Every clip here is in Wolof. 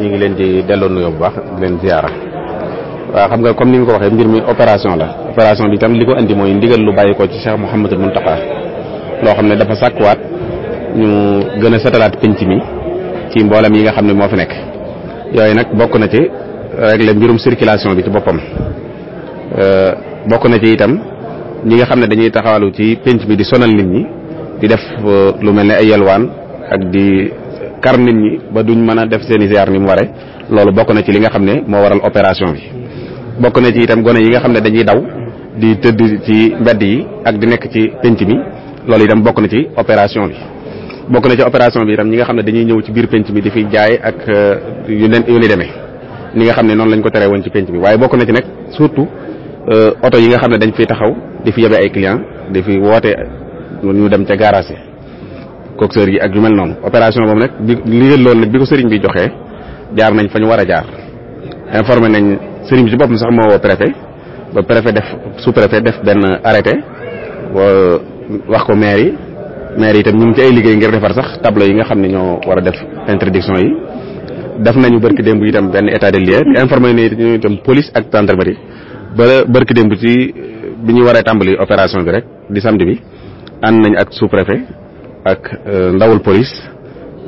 ñu ngi leen di delloo nuyoo bu baax di leen ziyaara waaw xam nga comme ni nga ko waxee mbir mi opération la opération bi tam li ko indi mooy ndigal lu bàyyi ko ci Cheikh Mouhamadul Mountakha loo xam ne dafa sàkkuwaat ñu gën a setalaat penc mi ci mboolem yi nga xam ne moo fi nekk yooyu nag bokk na ci régler mbirum circulation bi ci boppam euh, bokk na ci itam ñi nga xam ne dañuy taxawalu ci penc mi di sonal nit ñi di def euh, lu mel ni ay yelwaan ak di kar nit ñi ba duñ mën a def seeni i ziar ni mu waree loolu bokk na ci li nga xam ne moo waral opération bi bokk na ci itam gone yi nga xam ne dañuy daw di tëdd ci mbedd yi ak di nekk ci penc mi loolu itam bokk na ci opération bi bokk na ci opération bi itam ñi nga xam ne dañuy ñëw ci biir penc mi di fi jaay ak euh, yu leen yu ni demee ni nga xam ne noonu lañ ko teree woon ci penc mi waaye bokk na ci nag surtout euh, oto yi nga xam ne dañ fiy taxaw di fi yebe ay client di fi woote ñu dem ca garage coxeur yi ak yu mel noonu opération boobu nag liggéey loolu nag bi ko sëriñ bi joxee jaar nañ fa ñu war a jaar informé nañ sëriñ bi ci boppam sax moo woo préfet ba préfet def sous préfet def benn arrêté wax ko maire yi maire yi itam ñu ngi ci ay liggéey ngir defar sax tableau yi nga xam ne ñoo war a def interdiction yi def nañu barki démb itam benn état de lieu informé ñu itam police ak gendarmerie ba barki démb ci bi ñu waree tàmbali opération bi rek di samedi bi ànd nañ ak sous préfet ak eh, ndawul police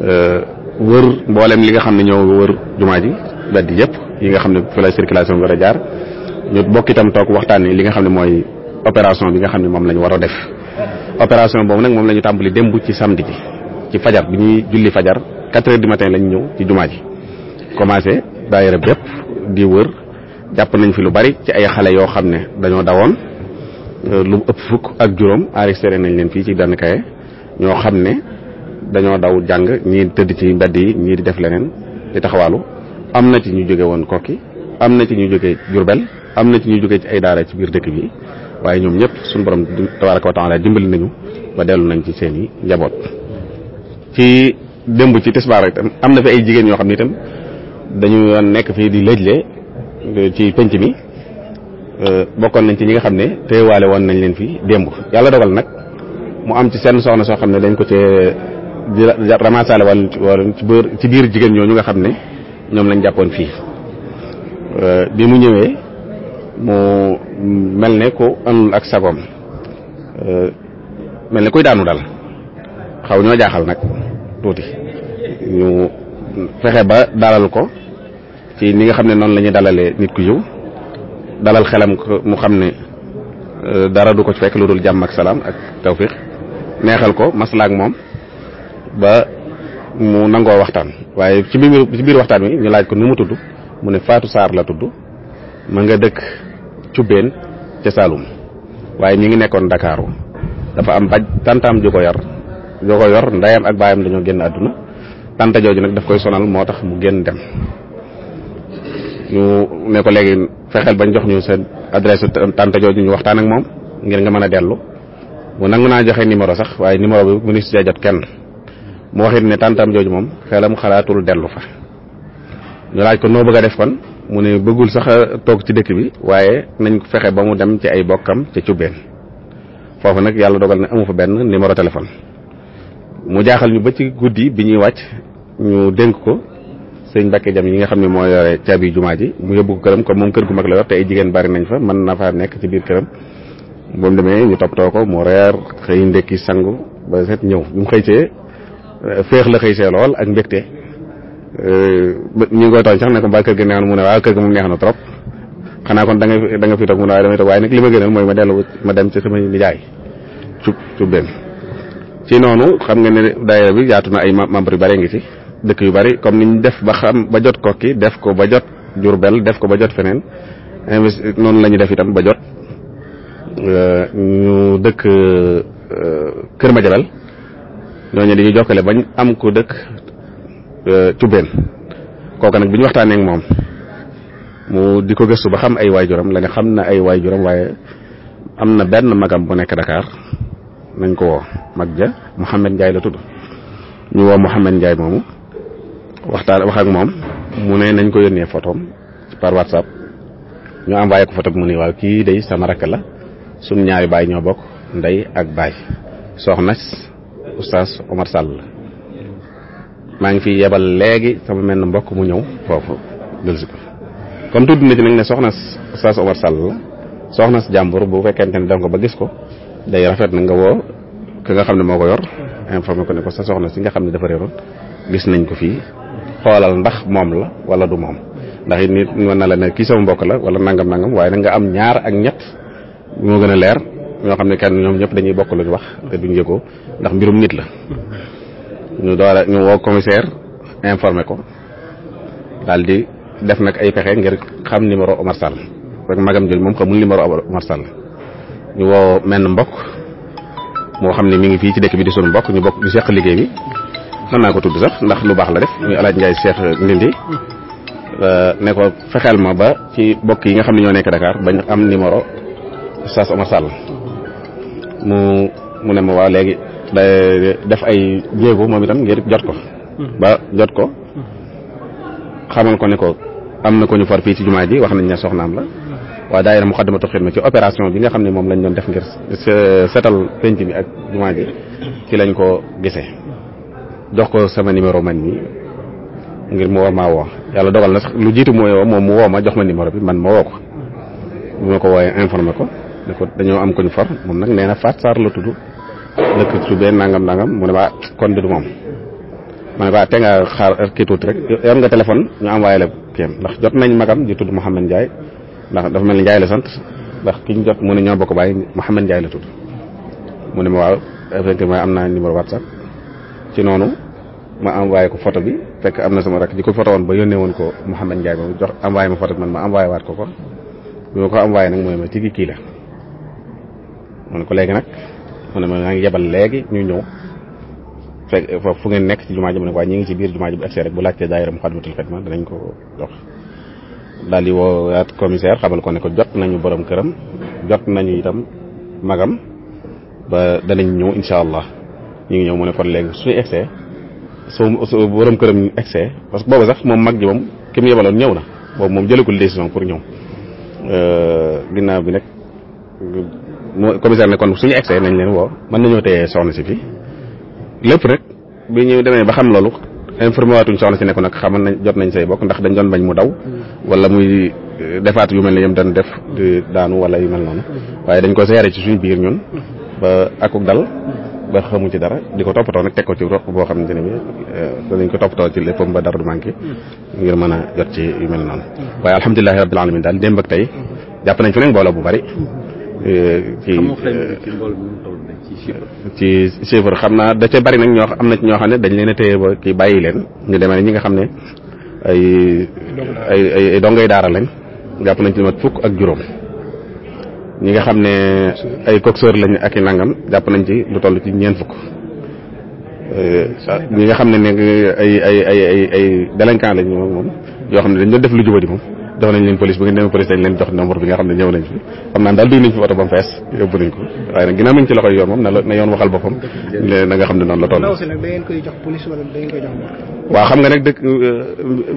euh wër mboolem li nga xamni ñoo wër jumaa ji bedd yëpp yi nga xamni ne fi la circulation bi war jaar ñu bokk itam tok waxtaan li nga xamni moy opération bi nga xamni mom lañu wara def opération bobu nak mom lañu ñu dembu ci samedi ji ci fajar bi ñuy julli fajar 4 h du matin lañ ñew ci jumaa ji commencé daayira bépp di wër japp nañ fi lu bari ci ay xalé yo xamne dañoo dawon eh, lu ëpp fukk ak juroom arrêté nañ leen fi ci dànn kaye ñoo xam ne dañoo daw jàng ñii tëdd ci mbedd yi di def leneen di taxawaalu am na ci ñu jóge woon kokki am na ci ñu jóge jurbel am na ci ñu jóge ci ay daara ci biir dëkk bi waaye ñoom ñëpp suñ borom tabaraka ko taala dimbali nañu ba dellu nañ ci seen i njaboot ci démb ci tisbaar itam am na fi ay jigéen ñoo xam ne itam dañu nekk fii di lëjle euh, ci penc mi euh, bokkoon nañ ci ñi nga xam ne teewaale woon nañ leen fi démb yàlla dogal nag mu am ci seen soxna soo xam ne dañ ko cee ramasale wala ci biir ci biir jigéen ñooñu nga xam ne ñoom lañ jàppoon fii euh, bi mu ñëwee mu mel ne ku amul ak sagoom euh, mel ne kuy daanu dal xaw ñoo jaaxal nag tuuti ñu fexe ba dalal ko ci ni nga xam ne noonu lañuy ñuy nit ku yiw dalal xelam mu xam ne euh, dara du ko fekk lu dul jàmm ak salaam ak tawfiq neexal ko masla ak moom ba mu nangoo waxtaan waaye ci biir ci biir waxtaan bi ñu laaj ko nu mu tudd mu ne Fatou saar la tudd ma nga dëkk cubbeen ca saalum waaye ñi ngi nekkoon Dakaru dafa am baj tantam ju ko yar ju ko yor ndayam ak baayam dañoo génn àdduna tanta jooju nag daf koy sonal moo tax mu génn dem ñu ne ko léegi fexeel bañ jox ñu sa adresse tanta jooju ñu waxtaan ak moom ngir nga mën a dellu mu nangu naa joxe numéro sax waaye numéro bi mu ngi si jot kenn mu waxit ne tàntam jooju moom xelam xalaatul dellu fa ñu laaj ko noo bëgg a def kon mu ne bëggul sax a toog ci dëkk bi waaye nañ fexe ba mu dem ci ay bokkam ci cubbeen foofu nag yàlla dogal ne amu fa benn numéro téléphone mu jaaxal ñu ba ci guddi bi ñuy wàcc ñu dénk ko sëñ Mbacke jam yi nga xam ne moo yore caabi jumaa ji mu yóbbu ko këram comme moom kër gu mag la yor te ay jigéen bari nañ fa mën na faa nekk ci biir këram bon demé ñu top to ko mu rer xey ndeki sangu ba set ñew ñu xey ci euh, feex la xey ci lol ak mbégte euh, ñu ngi koy tooñ sax ne ko mbaa gi neexoon mu ne wa keur gi mu neex na trop xana kon da nga da nga fi tok mu ne dama tok toog nak lima gënal moy ma delu ma dem ci sama nijaay ci ci ben ci nonu xam nga ne daayira bi yaatuna ay membre bari bare ngi ci dëkk yu bari comme niñ def ba xam ba jot ko ki def ko ba jot jur bel def ko ba jot fenen non lañu def itam ba jot Euh, ñu dëkk euh, Kër Madiabel ñooñu dañuy jokkale bañ am ku dëkk Cubbeen euh, kooka nag bi ñu waxtaaneek moom mu di ko gëstu ba xam ay waajuram la ne xam na ay waay waajuram waaye am na benn magam bu nekk Dakar nañ ko woo mag ja Mouhamed Ndiaye la tudd ñu woo Mouhamed Ndiaye moomu waxtaan wax ak moom mu ne nañ ko yónnee photom par WhatsApp ñu envoyé ko photo bi mu ne waaw kii day sama rakk la sum ñaari bay ñoo ndai nday ak bay soxna oustaz omar sall ma ngi fi yebal legi sama mel mbokk mu ñew fofu delsi ci comme na nak ne soxna oustaz omar sall soxna jambour bu fekkante ni dem ko ba gis ko day rafet na nga wo ke nga xamne moko yor informé ko ne ko sa soxna si nga xamne dafa réeroon gis nañ ko fi xolal ndax mom la wala du mom ndax nit ñu na la ne ki sama mbokk la wala nangam nangam waye nga am ñaar ak ñett moo gën a leer ñoo xam ne kenn ñoom ñëpp dañuy bokk luñ wax te duñ yëgoo ndax mbirum nit la ñu door ñu woo commissaire informé ko daal di def nag ay pexe ngir xam numéro Omar Sall rek magam jël moom xamul numéro Omar Sall ñu woo menn mbokk moo xam ne mi ngi fii ci dëkk bi di sunu mbokk ñu bokk di seq liggéey bi mën naa ko tudd sax ndax lu baax la def muy alaaj njaay seex ndindi ne ko fexeel ma ba ci bokk yi nga xam ne ñoo nekk Dakar bañ am numéro Oustaz Omar Sall mu mu ne ma waaw léegi day def ay jéego moom itam ngir jot ko ba jot ko xamal ko ne ko am na ko ñu for fii ci jumaa ji wax nañ ne soxnaam la waaye daayira Muxaddamatu Xidma ci opération bi nga xam ne moom lañ doon def ngir setal penc bi ak jumaa ji ci lañ ko gisee jox ko sama numéro man mi ngir mu woo maa woo yàlla dogal na sax lu jiitu mooy moom mu woo ma jox ma numéro bi man ma woo ko bu ma ko woowee informé ko ne ko dañoo am kuñ far moom nag nee na faat saar la tudd dëkk su bee nangam nangam mu ne waa kon bi du moom ma ne waa ah, te nga xaar kii tuuti rek yor nga téléphone ñu envoyé la kéem ndax jot nañ magam di tudd Mouhamed Ndiaye ndax dafa mel ni Ndiaye la sant ndax kiñ jot mu ne ñoo bokk bàyyi Mouhamed Ndiaye la tudd mu ne ma waaw effectivement am naa numéro whatsapp ci noonu ma envoyé ko photo bi fekk am na sama rak di ko photo woon ba yónnee woon ko Mouhamed Ndiaye ba jox envoyé ma photo man ma envoyé waat ko ko bi ma ko envoyé nag mooy ma tigi kii la ma ne ko léegi nag ma ne ma ngi yebal léegi ñu ñëw fekk fu ngeen nekk ci jumaa ji ma ne ko waaye ñu ngi ci biir jumaa ji bu egsi rek bu laajtee daayira Muxaddamatul Xidma danañ ko jox daal di woowaat commissaire xamal ko ne ko jot nañu borom këram jot nañu itam magam ba danañ ñëw incha allah ñu ngi ñëw mu ne kon léegi suñu egsee soo borom këram egsee parce que boobu sax moom mag ji moom ki mu yebaloon ñëw na boobu moom jëlagul décision pour ñëw euh, ginnaaw bi nag mu commissaire ne kon suñu egsee nañ leen woo mën nañoo téye soxna si fii lépp rek bi ñuy demee ba xam loolu informé waatuñ soxna si ne ko nag xamal nañ jot nañ say bokk ndax dañ doon bañ mu daw wala muy eh, defaat yu mel ne yem dañ def di daanu wala yu mel noonu waaye dañ ko seere ci suñu biir ñun ba akuk dal ba xamu ci dara di ko toppatoo nag teg ko ci roq boo xamante ne bi eh, dañ ko toppatoo ci léppam ba dara du manqué ngir mën a jot ci yu mel noonu waaye alhamdulilahi rabbil alamin daal démb ak tey jàpp nañ fi nag bu bari Eh, kii eh, ci chiffre xam naa da ca bari nag ñoo am na ci ñoo xam ne dañ leen a téye ba kii bàyyi leen ñu demee ne ñi nga xam ne ay ay ay dongay daara lañ jàpp nañ ci mat fukk ak juróom ñi nga xam ne ay coxeur lañu ak i nangam jàpp nañ ci lu toll ci ñeent fukk eh, ñi nga xam ne ne ay ay ay ay ay délinquant lañ moom yoo xam ne dañ doon def lu jubadi moom dox nañ leen police bu ngeen demee police dañ leen dox nombre bi nga xam ne ñëw nañ fi xam naa daal nañ fi oto ba mu fees yóbbu nañ ko waaye nag ginnaaw ci loxoy yoon moom na yoon waxal boppam na nga xam ne noonu la toll waaw xam nga nag dëkk euh,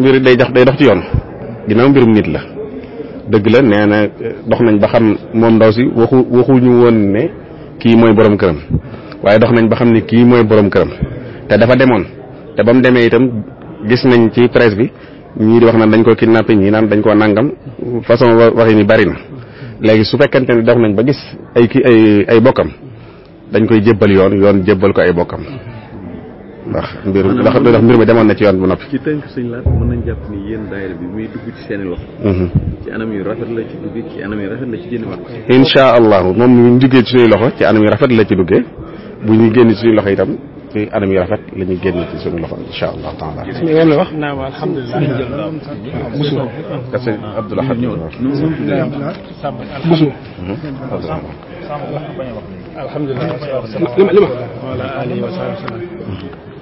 mbir day jox day dox ci yoon ginnaaw mbirum nit la dëgg la nee na euh, dox nañ ba xam moom ndaw si waxu ñu woon ne kii mooy borom këram waaye dox nañ ba xam ne kii mooy borom këram te dafa demoon te ba mu itam gis nañ ci presse bi ñi di wax naan dañ ko kidnappé ñi naan dañ ko nangam façon waxi ni bari na léegi su fekkante ni dox nañ ba gis ay ki ay ay bokkam dañ koy jébbal yoon yoon jébbal ko ay bokkam ndax mbir ndax ndax mbir mi demoon na ci yoon bu noppi ci tënk suñ la mën nañ jàpp ni yéen daayira bi muy dugg ci seen loxo mhm. ci anam yu rafet la ci duggee ci anam yu rafet la ci génn wax insha allah moom ñu duggee ci suñuy loxo ci anam yu rafet la ci duggee bu ñu génn ci suñuy loxo itam ci anam yi rafet la ñu génn ci suñu loxo insha allah taala Alhamdulillah. wax musu musu wala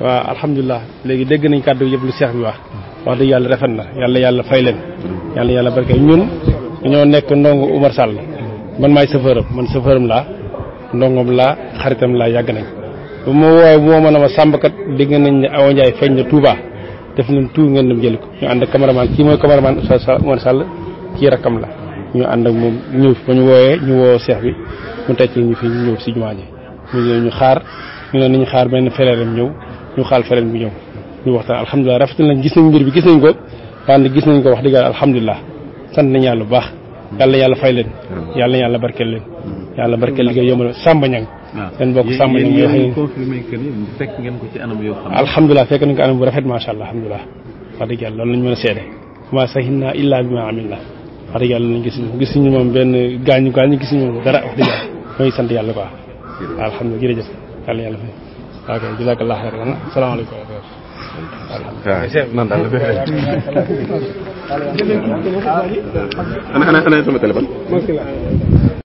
wa sahbihi wa legi deg nañ kaddu yeb lu cheikh bi wax wax yalla rafet na yalla yalla fay len yalla yalla barke ñun ñoo ndongom la xaritam la yag nañ bu ma woowee bu ma mën a ma sàmbkat dégg nañ ne awo njaay feeñ na touba def nañ tuub ngeen dem jël ko ñu and cameraman ki moy cameraman oustad sall mo Sall ki rakam la ñu and ak mom ñu fi ñu woyé ñu wo cheikh bi mu tecc ñu fi ñu ñëw si jumaa ji ñu ñëw ñu xaar ñu ñu xaar ben feleeram ñew ñu xaal feleen bi ñew ñu waxta alhamdullah rafet nañ gis nañ mbir bi gis nañ ko wante gis nañ ko wax dëgg alhamdullah sant nañ yalla bu baax yalla yàlla fay leen yalla yalla barkel leen yalla barkel liggéey yomal samba ñang seen bokk sàmm yi ñu ko ci anam yoo alhamdulilah fekk nañ ko anam bu rafet macha allah alhamdulilah wax dëgg yàlla loolu lañ mën a seede ma sahinna illa bi ma amilna wax dëgg yàlla lañ gis ñu gis ñu moom benn gaañu gaañu gis ñu moom dara wax dëgg yàlla mooy sant yàlla quoi alhamdulilah jërëjëf yàlla yàlla fay ok jazakallah xeer wana salaamaaleykum nan daal la ana